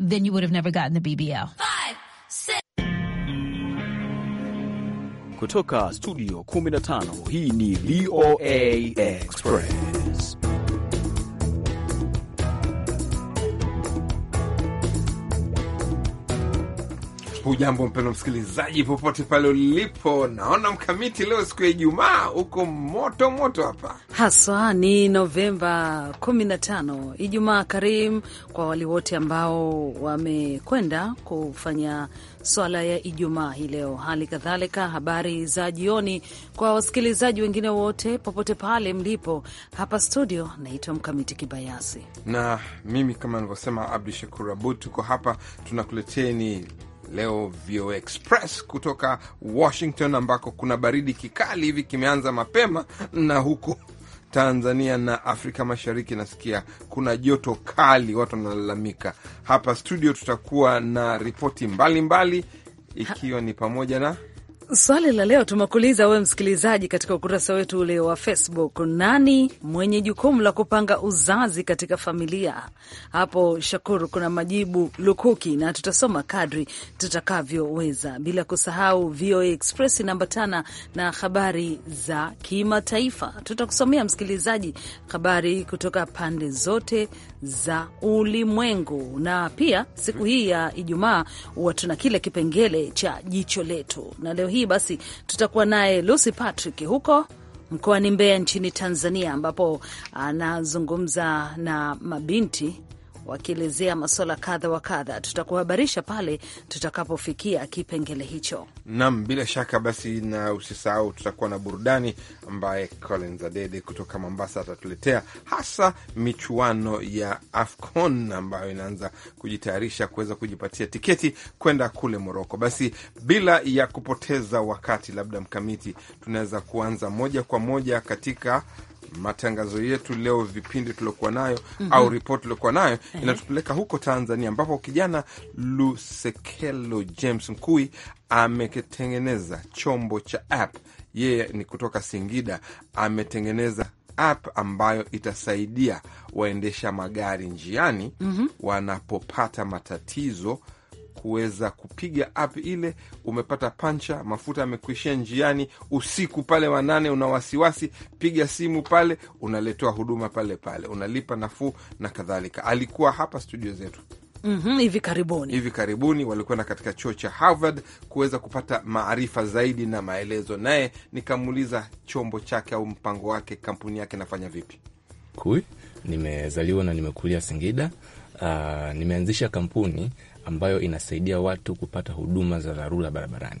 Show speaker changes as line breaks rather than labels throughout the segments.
then you would have never gotten the BBL. Five, six.
Kutoka studio 15 hii ni VOA Express.
Hujambo mpendwa msikilizaji, popote pale ulipo. Naona mkamiti leo siku ya Ijumaa huko moto moto hapa
haswa. Ni Novemba 15, Ijumaa karim kwa wale wote ambao wamekwenda kufanya swala ya Ijumaa hii leo. Hali kadhalika habari za jioni kwa wasikilizaji wengine wote popote pale mlipo. Hapa studio naitwa Mkamiti Kibayasi
na mimi kama nilivyosema Abdu Shakur Abud, tuko hapa tunakuleteni leo VOA Express kutoka Washington, ambako kuna baridi kikali hivi, kimeanza mapema na huko Tanzania na Afrika Mashariki nasikia kuna joto kali, watu wanalalamika. Hapa studio tutakuwa na ripoti mbalimbali, ikiwa ni pamoja na
Swali la leo tumekuuliza wewe msikilizaji katika ukurasa wetu ule wa Facebook, nani mwenye jukumu la kupanga uzazi katika familia? Hapo Shakuru, kuna majibu lukuki na tutasoma kadri tutakavyoweza, bila kusahau VOA Express inaambatana na habari za kimataifa. Tutakusomea msikilizaji habari kutoka pande zote za ulimwengu, na pia siku hii ya Ijumaa huwa tuna kile kipengele cha jicho letu, na leo hii hii basi tutakuwa naye Lucy Patrick huko mkoani Mbeya nchini Tanzania, ambapo anazungumza na mabinti wakielezea masuala kadha wa kadha. Tutakuhabarisha pale tutakapofikia kipengele hicho.
Naam, bila shaka basi, na usisahau tutakuwa na burudani ambaye Colin Zadede kutoka Mombasa atatuletea hasa michuano ya AFCON ambayo inaanza kujitayarisha kuweza kujipatia tiketi kwenda kule Moroko. Basi bila ya kupoteza wakati, labda Mkamiti, tunaweza kuanza moja kwa moja katika matangazo yetu leo, vipindi tuliokuwa nayo mm -hmm. au ripoti tuliokuwa nayo -hmm. inatupeleka huko Tanzania ambapo kijana Lusekelo James Mkui ametengeneza chombo cha app. Yeye ni kutoka Singida, ametengeneza app ambayo itasaidia waendesha magari njiani mm -hmm. wanapopata matatizo kuweza kupiga ap ile, umepata pancha, mafuta yamekuishia njiani, usiku pale wanane, una wasiwasi, piga simu pale, unaletewa huduma pale pale, unalipa nafuu na kadhalika. Alikuwa hapa studio zetu.
Mm -hmm, hivi karibuni,
hivi karibuni walikwenda katika chuo cha Harvard kuweza kupata maarifa zaidi na maelezo, naye nikamuuliza chombo chake au mpango wake, kampuni yake nafanya vipi.
Kui, nimezaliwa na nimekulia Singida. Uh, nimeanzisha kampuni ambayo inasaidia watu kupata huduma za dharura barabarani.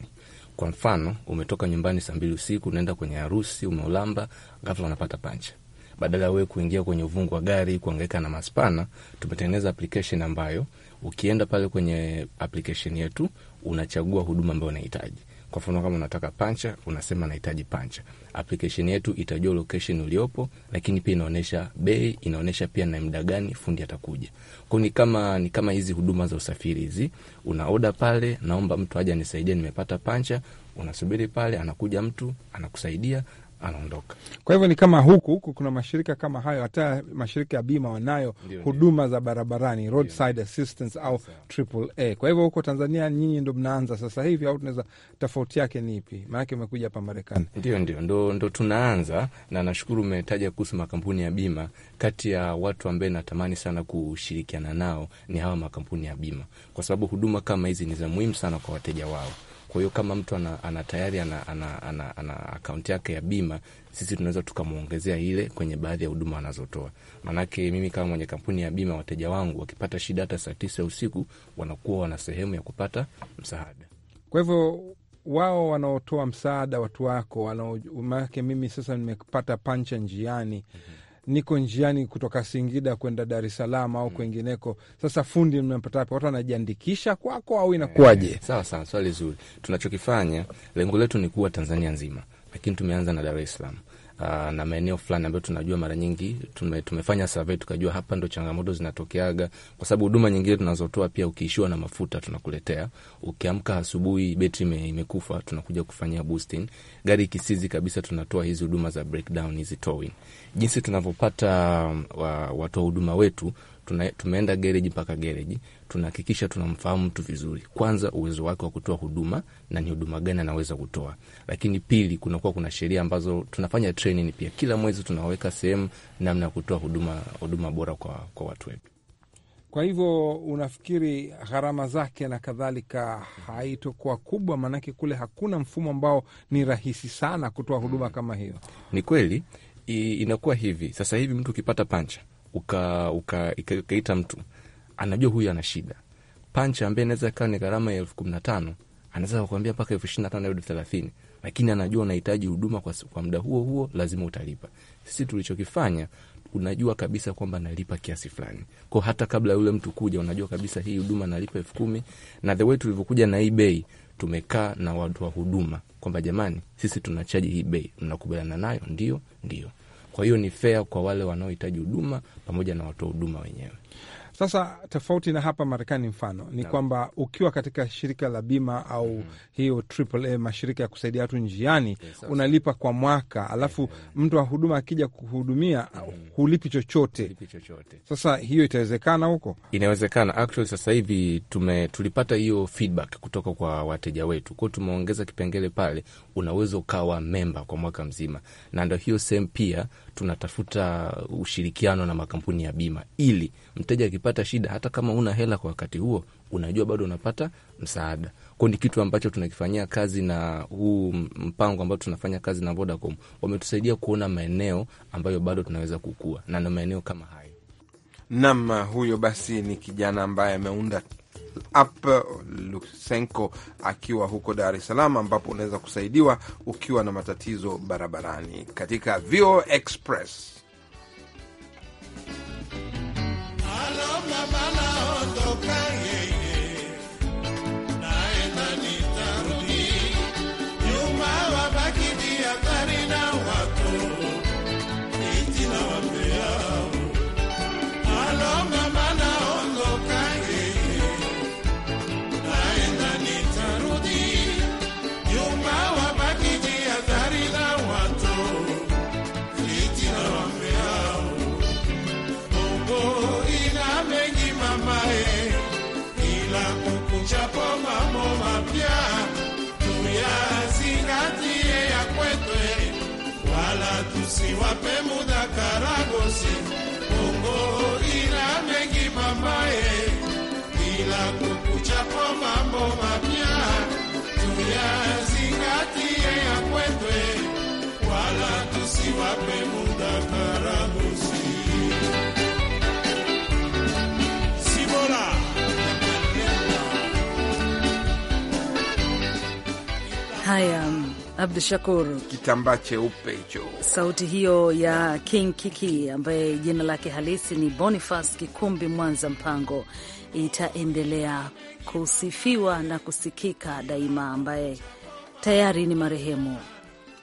Kwa mfano, umetoka nyumbani saa mbili usiku unaenda kwenye harusi, umeulamba ghafla, unapata pancha. Badala ya wewe kuingia kwenye uvungu wa gari kuangaika na maspana, tumetengeneza application ambayo ukienda pale kwenye application yetu unachagua huduma ambayo unahitaji. Kwa mfano kama unataka pancha, unasema nahitaji pancha, application yetu itajua location uliopo, lakini pia inaonyesha bei, inaonyesha pia na muda gani fundi atakuja. Kwa ni kama ni kama hizi huduma za usafiri hizi, una oda pale, naomba mtu aje anisaidie, nimepata pancha, unasubiri pale, anakuja mtu anakusaidia anaondoka.
Kwa hivyo ni kama huku huku kuna mashirika kama hayo, hata mashirika ya bima wanayo ndiyo, huduma ndiyo za barabarani, roadside assistance au AAA. Kwa hivyo huko Tanzania nyinyi ndo mnaanza sasa hivi, au tunaweza tofauti yake ni ipi? Maanake umekuja hapa Marekani.
Ndio, ndio, ndo, ndo tunaanza, na nashukuru umetaja kuhusu makampuni ya bima. Kati ya watu ambaye natamani sana kushirikiana nao ni hawa makampuni ya bima, kwa sababu huduma kama hizi ni za muhimu sana kwa wateja wao. Kwa hiyo kama mtu ana, ana tayari ana, ana, ana, ana akaunti yake ya bima, sisi tunaweza tukamwongezea ile kwenye baadhi ya huduma anazotoa. Maanake mimi kama mwenye kampuni ya bima, wateja wangu wakipata shida hata saa tisa usiku wanakuwa wana sehemu ya kupata msaada.
Kwa hivyo wao wanaotoa msaada, watu wako manake mimi sasa nimepata pancha njiani. mm -hmm niko njiani kutoka Singida kwenda Dar es Salaam au mm. kwengineko, sasa fundi mnampatapi? Watu
wanajiandikisha kwako au inakuwaje? Eh, sawa sawa, swali zuri. Tunachokifanya lengo letu ni kuwa Tanzania nzima, lakini tumeanza na Dar es Salaam Uh, na maeneo fulani ambayo tunajua mara nyingi tume, tumefanya survey tukajua hapa ndo changamoto zinatokeaga, kwa sababu huduma nyingine tunazotoa pia, ukiishiwa na mafuta tunakuletea, ukiamka asubuhi betri imekufa tunakuja kufanyia boosting, gari kisizi kabisa, tunatoa hizi huduma za breakdown, hizi towing. Jinsi tunavyopata watoa huduma wetu tuna, tumeenda gereji mpaka gereji, tunahakikisha tunamfahamu mtu vizuri, kwanza uwezo wake wa kutoa huduma na ni huduma gani anaweza kutoa, lakini pili, kunakuwa kuna sheria ambazo tunafanya training pia, kila mwezi tunaweka sehemu namna ya kutoa huduma, huduma bora kwa, kwa watu wetu.
Kwa hivyo unafikiri gharama zake na kadhalika haitokuwa kubwa? Maanake kule hakuna mfumo ambao ni rahisi sana kutoa huduma kama hiyo.
Ni kweli, inakuwa hivi. Sasa hivi mtu ukipata pancha ukaita uka, uka mtu anajua huyu ana shida. Pancha ambaye naweza kawa ni gharama ya elfu kumi na tano anaweza kukuambia mpaka elfu ishirini na tano elfu thelathini lakini anajua unahitaji huduma kwa, kwa muda huo huo lazima utalipa. Sisi tulichokifanya unajua kabisa kwamba nalipa kiasi fulani kwa hata kabla yule mtu kuja, unajua kabisa hii huduma nalipa elfu kumi na the way tulivyokuja na hii bei, tumekaa na watu wa huduma kwamba jamani, sisi tunachaji hii bei, mnakubaliana nayo? Ndio, ndio. Kwa hiyo ni fair kwa wale wanaohitaji huduma pamoja na watoa huduma wenyewe. Sasa tofauti na hapa Marekani
mfano ni no. kwamba ukiwa katika shirika la bima au mm. hiyo AAA, mashirika ya kusaidia watu njiani yes, unalipa kwa mwaka alafu yeah, yeah. mtu wa huduma akija kuhudumia mm. hulipi chochote. chochote. Sasa hiyo itawezekana huko,
inawezekana actually. Sasa hivi tume tulipata hiyo feedback kutoka kwa wateja wetu, kwao tumeongeza kipengele pale, unaweza ukawa memba kwa mwaka mzima, na ndo hiyo sehemu pia tunatafuta ushirikiano na makampuni ya bima, ili mteja akipata shida, hata kama una hela kwa wakati huo, unajua bado unapata msaada. Kwa ni kitu ambacho tunakifanyia kazi, na huu mpango ambao tunafanya kazi na Vodacom wametusaidia kuona maeneo ambayo bado tunaweza kukua na na maeneo kama haya.
Nam huyo basi ni kijana ambaye ameunda ap Lusenko akiwa huko Dar es Salaam, ambapo unaweza kusaidiwa ukiwa na matatizo barabarani katika vio Express.
iwape muda Karagosi. Bongo ina mengi mamaye, ila kukucha kwa mambo mapya tuyazingatie ya kwetu, wala tusiwape muda Karagosi.
Haya, Abdu Shakur,
kitambaa cheupe hicho.
Sauti hiyo ya King Kiki ambaye jina lake halisi ni Boniface Kikumbi Mwanza Mpango itaendelea kusifiwa na kusikika daima, ambaye tayari ni marehemu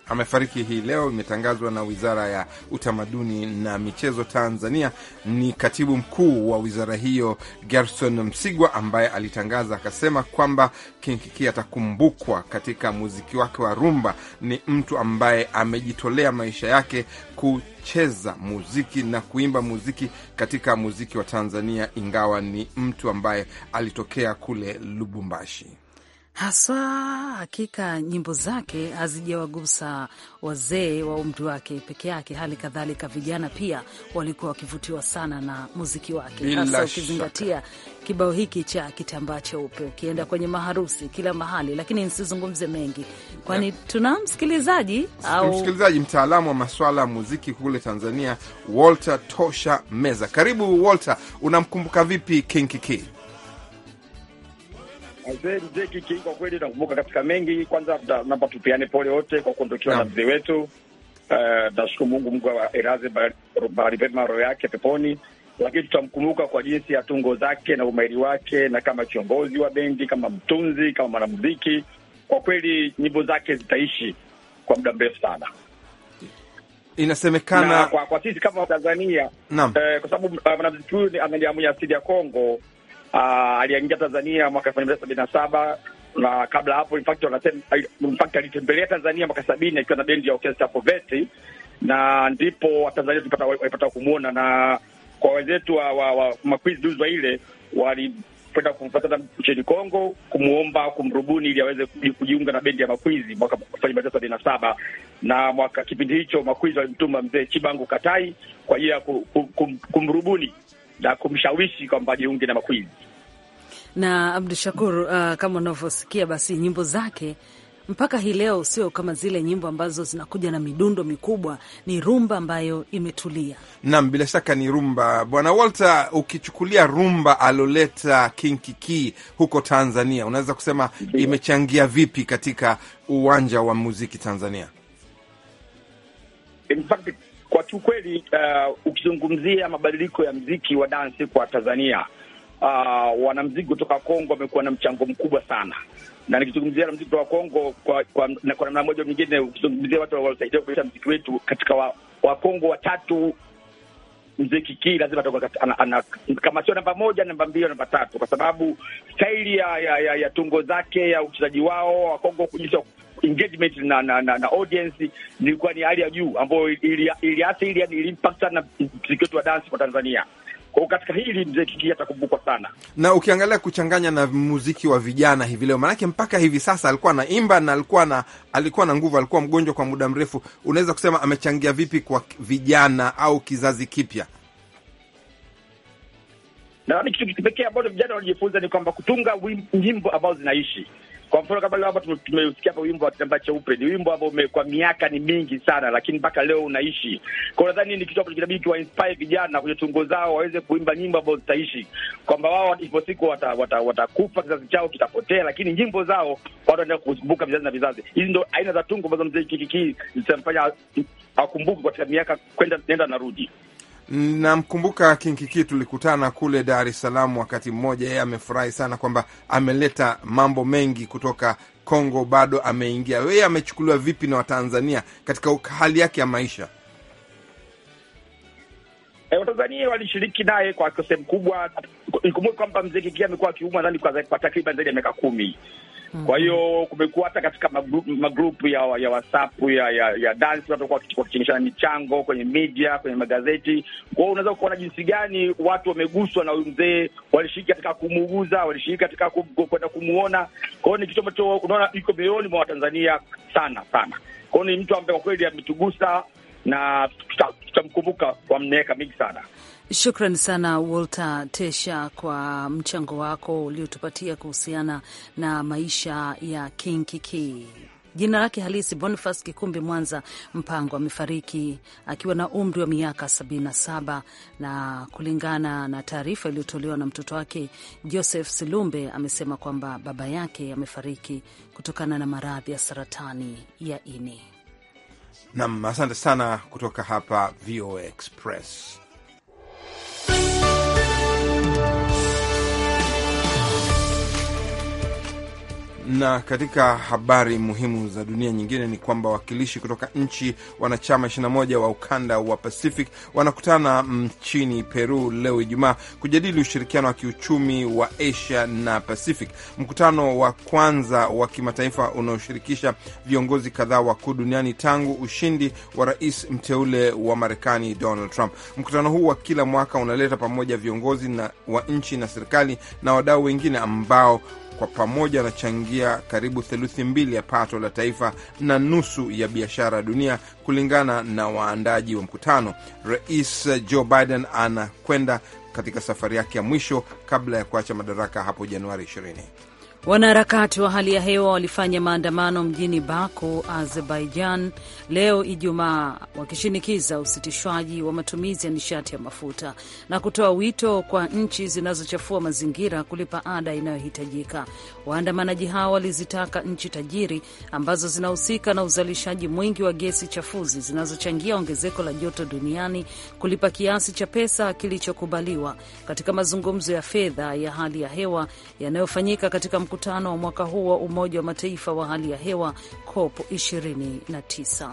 amefariki hii leo, imetangazwa na Wizara ya Utamaduni na Michezo Tanzania. Ni katibu mkuu wa wizara hiyo Gerson Msigwa ambaye alitangaza akasema kwamba Kinkiki atakumbukwa katika muziki wake wa rumba. Ni mtu ambaye amejitolea maisha yake kucheza muziki na kuimba muziki katika muziki wa Tanzania, ingawa ni mtu ambaye alitokea kule Lubumbashi
haswa. Hakika nyimbo zake hazijawagusa wazee wa umri wake peke yake, hali kadhalika vijana pia walikuwa wakivutiwa sana na muziki wake, hasa ukizingatia kibao hiki cha kitambaa cheupe, ukienda kwenye maharusi kila mahali. Lakini nisizungumze mengi, kwani tuna msikilizaji au msikilizaji
mtaalamu wa maswala ya muziki kule Tanzania, Walter Tosha Meza. Karibu Walter, unamkumbuka vipi kinkiki Ki?
Mzee mzee Kiki kwa kweli nakumbuka katika mengi. Kwanza naomba tupeane pole wote kwa kuondokiwa na mzee wetu. Eh, nashukuru uh, Mungu, Mungu aelaze mahali pema roho yake peponi, lakini tutamkumbuka kwa jinsi ya tungo zake na umahiri wake, na kama kiongozi wa bendi, kama mtunzi, kama mwanamuziki. Kwa kweli nyimbo zake zitaishi kwa muda mrefu sana inasemekana, kwa, kwa sisi kama Watanzania eh, kwa sababu eh, mwanamuziki huyu ameliamuya asili ya Kongo Uh, aliingia Tanzania mwaka elfu moja sabini na saba na kabla hapo, in fact in fact alitembelea Tanzania mwaka sabini akiwa na bendi ya Orchestra Poveti, na ndipo Watanzania tulipata walipata kumwona, na kwa wenzetu wa, wa, wa makwizi duzwa ile walikwenda kumfatana nchini Kongo kumwomba kumrubuni ili aweze kujiunga na bendi ya makwizi mwaka elfu moja sabini na saba na mwaka kipindi hicho makwizi walimtuma mzee Chibangu Katai kwa ajili ya kumrubuni na kumshawishi kwamba jiunge na makwizi
Na Abdu Shakur, uh, kama unavyosikia basi nyimbo zake mpaka hii leo sio kama zile nyimbo ambazo zinakuja na midundo mikubwa, ni rumba ambayo imetulia.
Naam, bila shaka ni rumba, Bwana Walter. Ukichukulia rumba aloleta Kinkiki huko Tanzania, unaweza kusema imechangia vipi katika uwanja wa muziki Tanzania?
In fact, kwa kiukweli, uh, ukizungumzia mabadiliko ya mziki wa dansi kwa Tanzania, uh, wanamziki kutoka Kongo wamekuwa na mchango mkubwa sana, na nikizungumzia wanamziki kutoka Kongo kwa, kwa, na kwa namna moja nyingine, ukizungumzia watu wanaosaidia kuboresha mziki wetu katika Wakongo wa watatu mziki kii lazima kama sio namba moja namba mbili namba tatu, kwa sababu staili ya, ya, ya, ya tungo zake ya uchezaji wao Wakongo engagement na na, na, na audience ilikuwa ni hali ya juu ambayo iliathiri ili, ili impact sana mziki wetu wa dance kwa Tanzania. Kwa katika hili mzee Kiki atakumbukwa sana,
na ukiangalia kuchanganya na muziki wa vijana hivi leo, maanake mpaka hivi sasa alikuwa anaimba na alikuwa na alikuwa na nguvu, alikuwa mgonjwa kwa muda mrefu. Unaweza kusema amechangia vipi kwa vijana au kizazi kipya?
Nadhani kitu kipekee ambacho vijana wanajifunza ni kwamba kutunga nyimbo ambazo zinaishi kwa mfano kama leo hapa tumeusikia hapa wimbo wa kitambaa cheupe, ni wimbo ambao kwa miaka ni mingi sana, lakini mpaka leo unaishi. Kwa hiyo nadhani ni kitu ambacho kinabidi kiwainspire vijana kwenye tungo zao, waweze kuimba nyimbo ambazo zitaishi, kwamba wao ipo siku watakufa, wata, wata kizazi chao kitapotea, lakini nyimbo zao watu wanaenda kukumbuka vizazi na vizazi. Hizi ndo aina za tungo ambazo mzee Kikikii zitamfanya akumbuke katika miaka kwenda nenda narudi.
Namkumbuka Kinkiki, tulikutana kule Dar es Salaam wakati mmoja, yeye amefurahi sana kwamba ameleta mambo mengi kutoka Kongo, bado ameingia. Yeye amechukuliwa vipi na Watanzania katika hali yake ya maisha?
E, Watanzania walishiriki naye kwa sehemu kubwa. Ikumbuke kwamba mzee Kikia amekuwa akiumwa ndani kwa takriban zaidi ya miaka kumi. Hmm. Kwa hiyo kumekuwa hata katika magrupu, ya ya WhatsApp ya ya, ya dansi watu wakichangishana michango kwenye media, kwenye magazeti. Kwa hiyo unaweza kuona jinsi gani watu wameguswa na huyu mzee, walishiriki katika kumuuguza, walishiriki katika kwenda kumuona. Kwa hiyo ni kitu ambacho unaona iko mioyoni mwa Watanzania sana sana. Kwa hiyo ni mtu ambaye kwa kweli ametugusa na tutamkumbuka kwa mneeka mingi sana.
Shukran sana Walter Tesha kwa mchango wako uliotupatia kuhusiana na maisha ya King Kiki. Jina lake halisi Boniface Kikumbi Mwanza Mpango amefariki akiwa na umri wa miaka 77, na kulingana na taarifa iliyotolewa na mtoto wake Joseph Silumbe, amesema kwamba baba yake amefariki kutokana na maradhi ya saratani ya ini.
Nam, asante sana kutoka hapa VOA Express. Na katika habari muhimu za dunia nyingine ni kwamba wawakilishi kutoka nchi wanachama 21 wa ukanda wa Pacific wanakutana nchini Peru leo Ijumaa kujadili ushirikiano wa kiuchumi wa Asia na Pacific. Mkutano wa kwanza wa kimataifa unaoshirikisha viongozi kadhaa wakuu duniani tangu ushindi wa rais mteule wa Marekani Donald Trump. Mkutano huu wa kila mwaka unaleta pamoja viongozi na wa nchi na serikali na wadau wengine ambao kwa pamoja anachangia karibu theluthi mbili ya pato la taifa na nusu ya biashara dunia, kulingana na waandaji wa mkutano. Rais Joe Biden anakwenda katika safari yake ya mwisho kabla ya kuacha madaraka hapo Januari 20.
Wanaharakati wa hali ya hewa walifanya maandamano mjini Baku, Azerbaijan leo Ijumaa, wakishinikiza usitishwaji wa matumizi ya nishati ya mafuta na kutoa wito kwa nchi zinazochafua mazingira kulipa ada inayohitajika. Waandamanaji hao walizitaka nchi tajiri ambazo zinahusika na uzalishaji mwingi wa gesi chafuzi zinazochangia ongezeko la joto duniani kulipa kiasi cha pesa kilichokubaliwa katika mazungumzo ya fedha ya hali ya hewa yanayofanyika katika mkutano wa mwaka huu wa Umoja wa Mataifa wa hali ya hewa COP 29.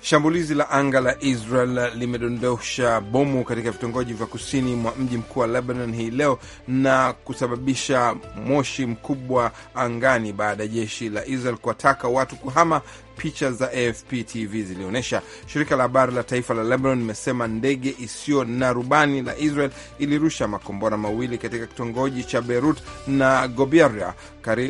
Shambulizi la anga la Israel limedondosha bomu katika vitongoji vya kusini mwa mji mkuu wa Lebanon hii leo na kusababisha moshi mkubwa angani baada ya jeshi la Israel kuwataka watu kuhama picha za AFP TV zilionyesha. Shirika la habari la taifa la Lebanon limesema ndege isiyo na rubani la Israel ilirusha makombora mawili katika kitongoji cha Beirut na Gobiaria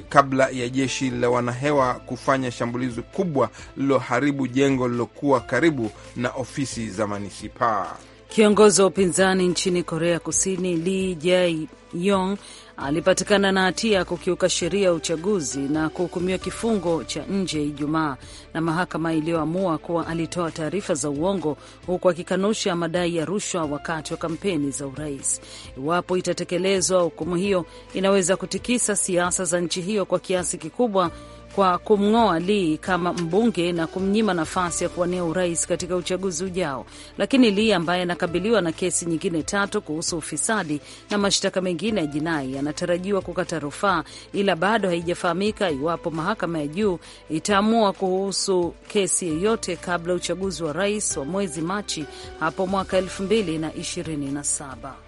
kabla ya jeshi la wanahewa kufanya shambulizi kubwa lililoharibu jengo lililokuwa karibu na ofisi za manisipaa.
Kiongozi wa upinzani nchini Korea Kusini Lee Jae Yong alipatikana na hatia ya kukiuka sheria ya uchaguzi na kuhukumiwa kifungo cha nje Ijumaa na mahakama iliyoamua kuwa alitoa taarifa za uongo huku akikanusha madai ya rushwa wakati wa kampeni za urais. Iwapo itatekelezwa, hukumu hiyo inaweza kutikisa siasa za nchi hiyo kwa kiasi kikubwa kwa kumng'oa Lee kama mbunge na kumnyima nafasi ya kuwania urais katika uchaguzi ujao. Lakini Lee ambaye anakabiliwa na kesi nyingine tatu kuhusu ufisadi na mashtaka mengine ya jinai anatarajiwa kukata rufaa, ila bado haijafahamika iwapo mahakama ya juu itaamua kuhusu kesi yeyote kabla uchaguzi wa rais wa mwezi Machi hapo mwaka 2027.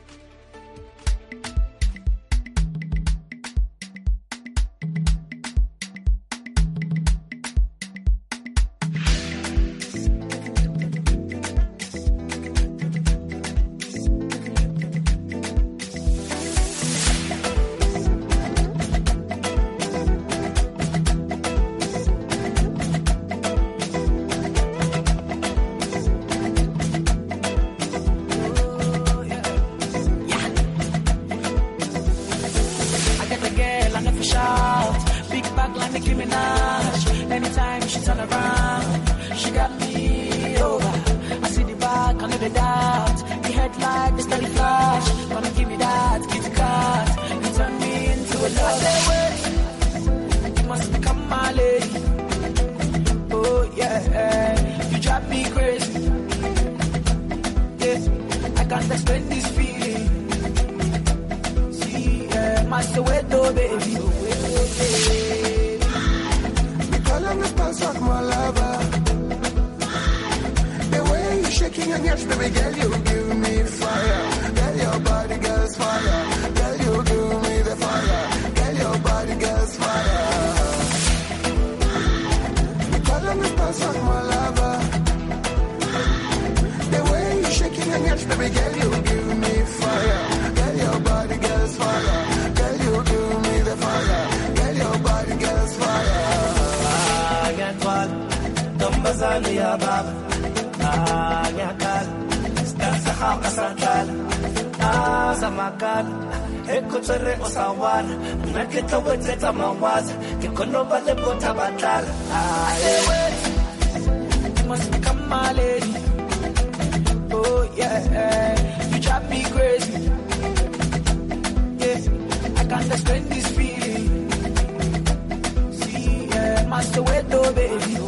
explain this feeling. See, yeah, my Soweto, oh, baby. my lover. The way you shaking your baby girl, you give. mazalia baba nanyakala stasahaka santala nasamakala My lady, oh yeah, you drive me crazy. Yeah, I can't understand this feeling. See, yeah, master, wait, though, baby.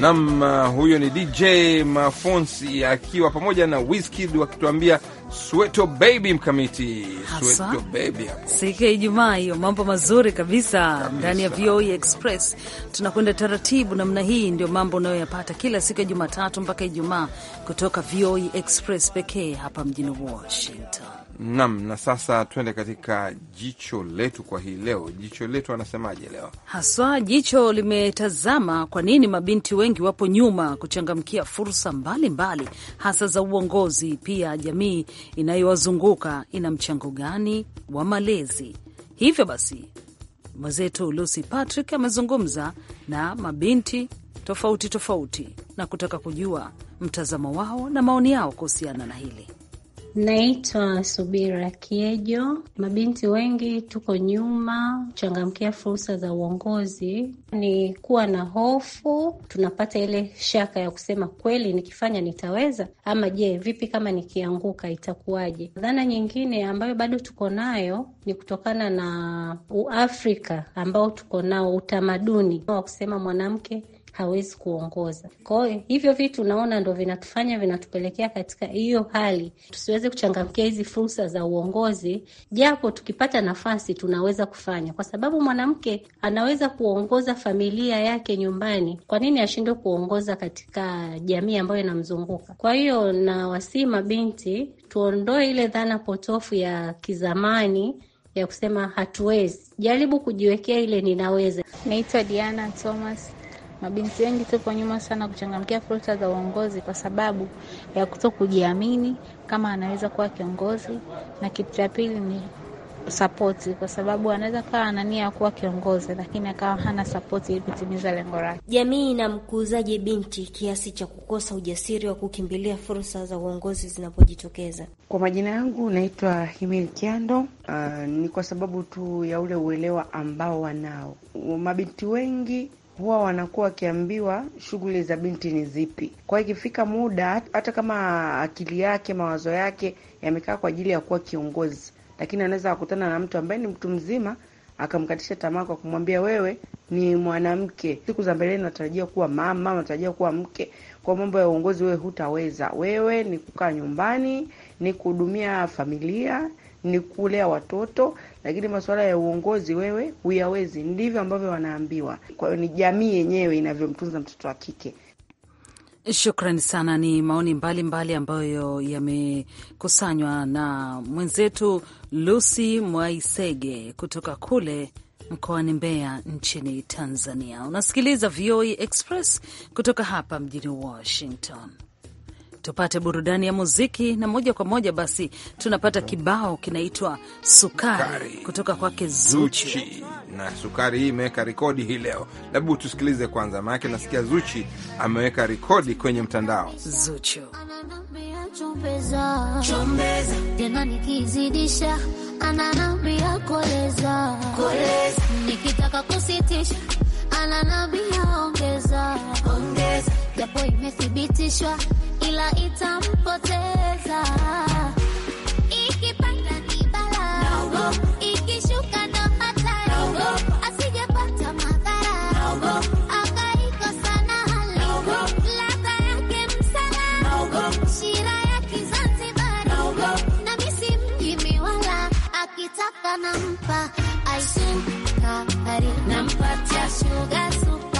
Nam, uh, huyo ni DJ Mafonsi akiwa pamoja na Wizkid wakituambia Sweto Baby mkamiti Sweto Baby hapo.
Siku ya Ijumaa hiyo, mambo mazuri kabisa ndani ya VOA e Express. Tunakwenda taratibu namna hii, ndio mambo unayoyapata kila siku ya Jumatatu mpaka Ijumaa kutoka VOA e Express pekee hapa mjini Washington.
Nam, na sasa tuende katika jicho letu kwa hii leo. Jicho letu anasemaje leo
haswa? Jicho limetazama kwa nini mabinti wengi wapo nyuma kuchangamkia fursa mbalimbali mbali, hasa za uongozi. Pia jamii inayowazunguka ina mchango gani wa malezi? Hivyo basi, mwenzetu Lucy Patrick amezungumza na mabinti tofauti tofauti na kutaka kujua mtazamo wao na maoni yao kuhusiana na hili.
Naitwa Subira Kiejo. Mabinti wengi tuko nyuma kuchangamkia fursa za uongozi, ni kuwa na hofu, tunapata ile shaka ya kusema kweli, nikifanya nitaweza? Ama je, vipi kama nikianguka itakuwaje? Dhana nyingine ambayo bado tuko nayo ni kutokana na uafrika ambao tuko nao, utamaduni wa kusema mwanamke hawezi kuongoza. Kwa hiyo hivyo vitu naona ndo vinatufanya vinatupelekea katika hiyo hali, tusiweze kuchangamkia hizi fursa za uongozi, japo tukipata nafasi tunaweza kufanya, kwa sababu mwanamke anaweza kuongoza familia yake nyumbani. Kwa nini ashindwe kuongoza katika jamii ambayo inamzunguka? Kwa hiyo wasii mabinti, tuondoe ile dhana potofu ya kizamani ya kusema hatuwezi. Jaribu kujiwekea ile ninaweza. Naitwa Diana Thomas. Mabinti wengi tupo nyuma sana kuchangamkia fursa za uongozi kwa sababu ya kuto kujiamini kama anaweza kuwa kiongozi, na kitu cha pili ni sapoti kwa sababu anaweza kawa ana nia ya kuwa kiongozi lakini akawa hana sapoti ili kutimiza lengo lake. Jamii inamkuuzaje binti kiasi cha kukosa ujasiri wa kukimbilia fursa za uongozi zinapojitokeza?
Kwa majina yangu naitwa Himil Kiando. Uh, ni kwa sababu tu ya ule uelewa ambao wanao mabinti wengi huwa wanakuwa wakiambiwa shughuli za binti ni zipi. Kwa hiyo ikifika muda, hata kama akili yake, mawazo yake yamekaa kwa ajili ya kuwa kiongozi, lakini anaweza akutana na mtu ambaye ni mtu mzima akamkatisha tamaa kwa kumwambia wewe ni mwanamke, siku za mbeleni unatarajia kuwa mama, unatarajia kuwa mke. Kwa mambo ya uongozi wewe hutaweza, wewe ni kukaa nyumbani, ni kuhudumia familia, ni kulea watoto, lakini masuala ya uongozi wewe huyawezi. Ndivyo ambavyo wanaambiwa. Kwa hiyo ni jamii yenyewe inavyomtunza mtoto wa kike.
Shukrani sana. Ni maoni mbalimbali mbali ambayo yamekusanywa na mwenzetu Lucy Mwaisege kutoka kule mkoani Mbeya nchini Tanzania. Unasikiliza VOA e Express kutoka hapa mjini Washington tupate burudani ya muziki na moja kwa moja basi tunapata kibao kinaitwa Sukari, kutoka kwake Zuchi.
Na sukari hii imeweka rekodi hii leo, labda tusikilize kwanza, maanake nasikia Zuchi ameweka rekodi kwenye mtandao. Zuchu
Tena nikizidisha ananambia koleza, koleza. Nikitaka kusitisha ananambia ongeza, ongeza. Japo imethibitishwa ila itampoteza ikipanda ni balaa, ikishuka na hatari, asijepata madhara akaikosa na hali, ladha yake msala, shira ya Kizanzibari na misi mjimi akitaka nampa aisukari nampatia shuga suka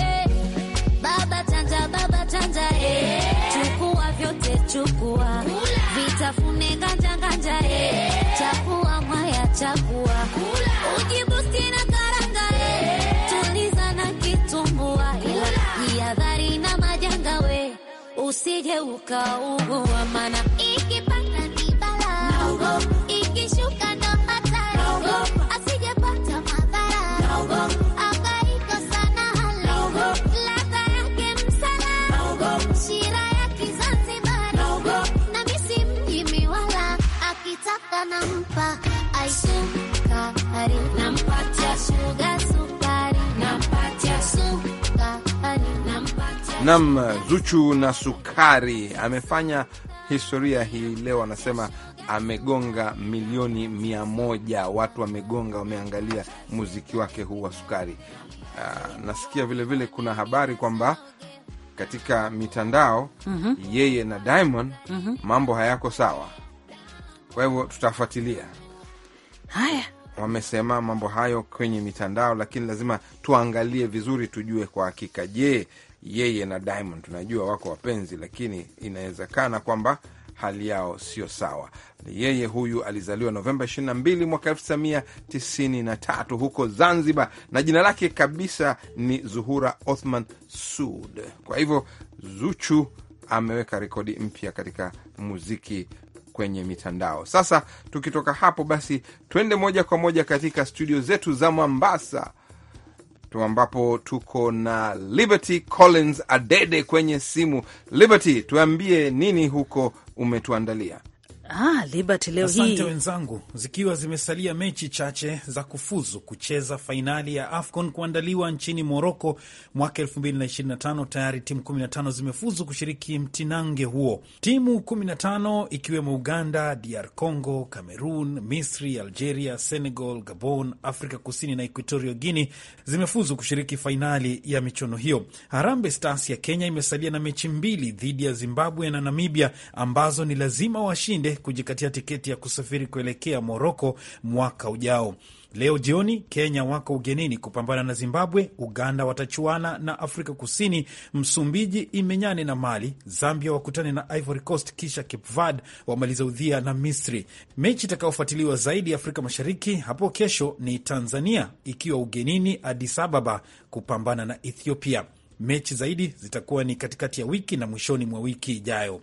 chanja eh, chukua vyote chukua, vitafune ganja ganja eh, chakua mwaya chakua, ujibusti na karanga eh, tuliza na kitumbua, ila eh. jihadhari na majanga we, usije ukaugua mana
Nam Zuchu na Sukari amefanya historia hii leo, anasema amegonga milioni mia moja. Watu wamegonga, wameangalia muziki wake huu wa Sukari. Uh, nasikia vilevile vile kuna habari kwamba katika mitandao mm -hmm. yeye na Diamond mm -hmm. mambo hayako sawa, kwa hivyo tutafuatilia haya wamesema mambo hayo kwenye mitandao, lakini lazima tuangalie vizuri, tujue kwa hakika. Je, yeye na Diamond tunajua wako wapenzi, lakini inawezekana kwamba hali yao sio sawa. Yeye huyu alizaliwa Novemba 22 mwaka 1993 huko Zanzibar, na jina lake kabisa ni Zuhura Othman Sud. Kwa hivyo Zuchu ameweka rekodi mpya katika muziki kwenye mitandao. Sasa tukitoka hapo, basi twende moja kwa moja katika studio zetu za Mombasa ambapo tuko na Liberty Collins Adede kwenye simu. Liberty, tuambie nini huko umetuandalia?
Ah, Liberty leo hii. Asante wenzangu, zikiwa zimesalia mechi chache za kufuzu kucheza fainali ya AFCON kuandaliwa nchini Moroko mwaka 2025, tayari timu 15 zimefuzu kushiriki mtinange huo. Timu 15 ikiwemo Uganda, DR Congo, Cameroon, Misri, Algeria, Senegal, Gabon, Afrika Kusini na Equatorial Guinea zimefuzu kushiriki fainali ya michuano hiyo. Harambe Stars ya Kenya imesalia na mechi mbili dhidi ya Zimbabwe na Namibia ambazo ni lazima washinde kujikatia tiketi ya kusafiri kuelekea Moroko mwaka ujao. Leo jioni Kenya wako ugenini kupambana na Zimbabwe, Uganda watachuana na Afrika Kusini, Msumbiji imenyane na Mali, Zambia wakutane na Ivory Coast, kisha Cape Verde wamaliza udhia na Misri. Mechi itakayofuatiliwa zaidi Afrika Mashariki hapo kesho ni Tanzania ikiwa ugenini Addis Ababa kupambana na Ethiopia. Mechi zaidi zitakuwa ni katikati ya wiki na mwishoni mwa wiki ijayo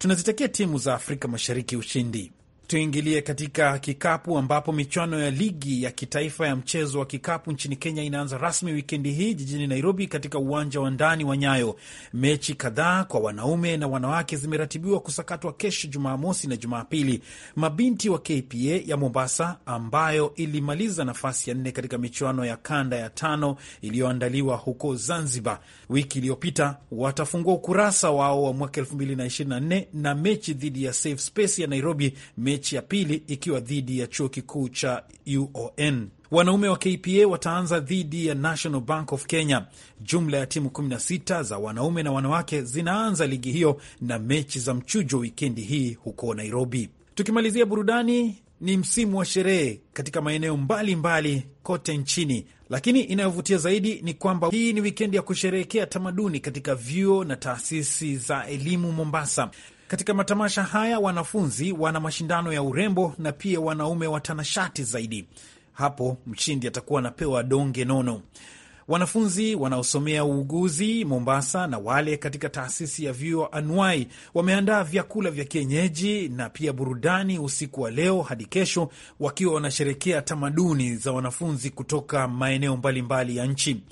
tunazitakia timu za Afrika Mashariki ushindi tuingilie katika kikapu ambapo michuano ya ligi ya kitaifa ya mchezo wa kikapu nchini Kenya inaanza rasmi wikendi hii jijini Nairobi, katika uwanja wa ndani wa Nyayo. Mechi kadhaa kwa wanaume na wanawake zimeratibiwa kusakatwa kesho Jumamosi na Jumapili. Mabinti wa KPA ya Mombasa, ambayo ilimaliza nafasi ya nne katika michuano ya kanda ya tano iliyoandaliwa huko Zanzibar wiki iliyopita, watafungua ukurasa wao wa mwaka 2024 na mechi dhidi ya Safe Space ya Nairobi mechi mechi ya pili ikiwa dhidi ya chuo kikuu cha UoN. Wanaume wa KPA wataanza dhidi ya National Bank of Kenya. Jumla ya timu 16 za wanaume na wanawake zinaanza ligi hiyo na mechi za mchujo wikendi hii huko Nairobi. Tukimalizia burudani, ni msimu wa sherehe katika maeneo mbalimbali kote nchini, lakini inayovutia zaidi ni kwamba hii ni wikendi ya kusherehekea tamaduni katika vyuo na taasisi za elimu Mombasa. Katika matamasha haya wanafunzi wana mashindano ya urembo na pia wanaume watanashati zaidi. Hapo mshindi atakuwa anapewa donge nono. Wanafunzi wanaosomea uuguzi Mombasa na wale katika taasisi ya vyuo anuai wameandaa vyakula vya kienyeji na pia burudani usiku wa leo hadi kesho, wakiwa wanasherekea tamaduni za wanafunzi kutoka maeneo mbalimbali ya nchi.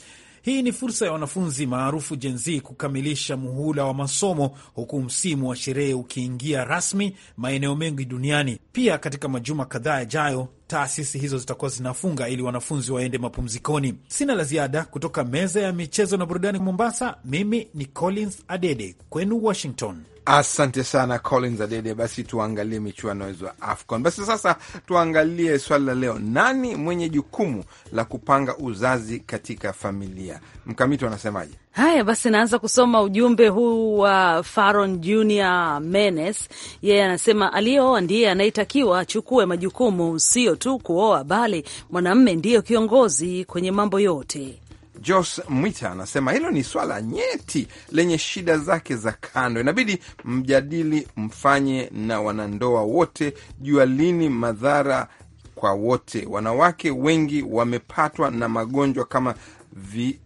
Hii ni fursa ya wanafunzi maarufu Gen Z kukamilisha muhula wa masomo huku msimu wa sherehe ukiingia rasmi maeneo mengi duniani. Pia katika majuma kadhaa yajayo taasisi hizo zitakuwa zinafunga ili wanafunzi waende mapumzikoni. Sina la ziada kutoka meza ya michezo na burudani Mombasa. Mimi ni Collins Adede kwenu Washington.
Asante sana Collins Adede. Basi tuangalie michuano hizo ya AFCON. Basi sasa tuangalie swali la leo, nani mwenye jukumu la kupanga uzazi katika familia? Mkamiti anasemaje?
Haya basi, naanza kusoma ujumbe huu wa uh, Faron Junior Menes. Yeye anasema aliyeoa ndiye anayetakiwa achukue majukumu, sio tu kuoa, bali mwanamme ndiyo kiongozi kwenye mambo yote. Jos
Mwita anasema hilo ni swala nyeti lenye shida zake za kando, inabidi mjadili, mfanye na wanandoa wote, jua lini madhara kwa wote. Wanawake wengi wamepatwa na magonjwa kama vi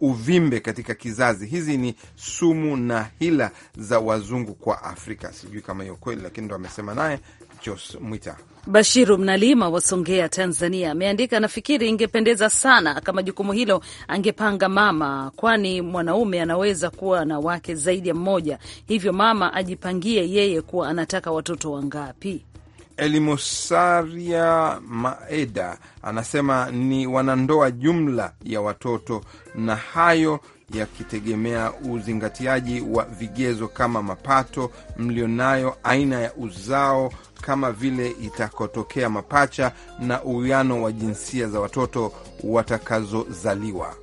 uvimbe katika kizazi. Hizi ni sumu na hila za wazungu kwa Afrika. Sijui kama hiyo kweli, lakini ndo amesema naye Jos Mwita.
Bashiru Mnalima wa Songea, Tanzania, ameandika nafikiri ingependeza sana kama jukumu hilo angepanga mama, kwani mwanaume anaweza kuwa na wake zaidi ya mmoja, hivyo mama ajipangie yeye kuwa anataka watoto wangapi.
Elimosaria Maeda anasema ni wanandoa jumla ya watoto, na hayo yakitegemea uzingatiaji wa vigezo kama mapato mlionayo, aina ya uzao kama vile itakotokea mapacha, na uwiano wa jinsia za watoto watakazozaliwa.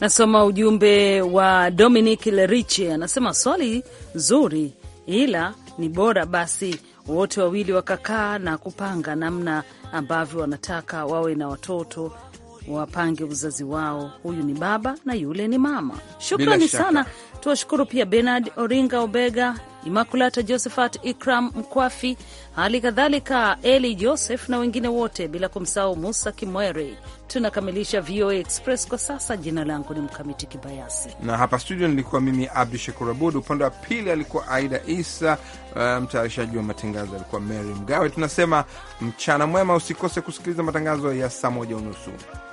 Nasoma ujumbe wa Dominic Leriche, anasema swali zuri, ila ni bora basi wote wawili wakakaa na kupanga namna ambavyo wanataka wawe na watoto wapange uzazi wao, huyu ni baba na yule ni mama. Shukrani sana. Tuwashukuru pia Bernard Oringa Obega, Imakulata Josephat Ikram Mkwafi, hali kadhalika Eli Joseph na wengine wote, bila kumsahau Musa Kimwere. Tunakamilisha VOA Express kwa sasa. Jina langu ni Mkamiti Kibayasi
na hapa studio nilikuwa mimi Abdu Shakur Abud, upande wa pili alikuwa Aida Isa, eh, mtayarishaji um, wa matangazo alikuwa Mary Mgawe. Tunasema mchana mwema, usikose kusikiliza matangazo ya saa moja unusu.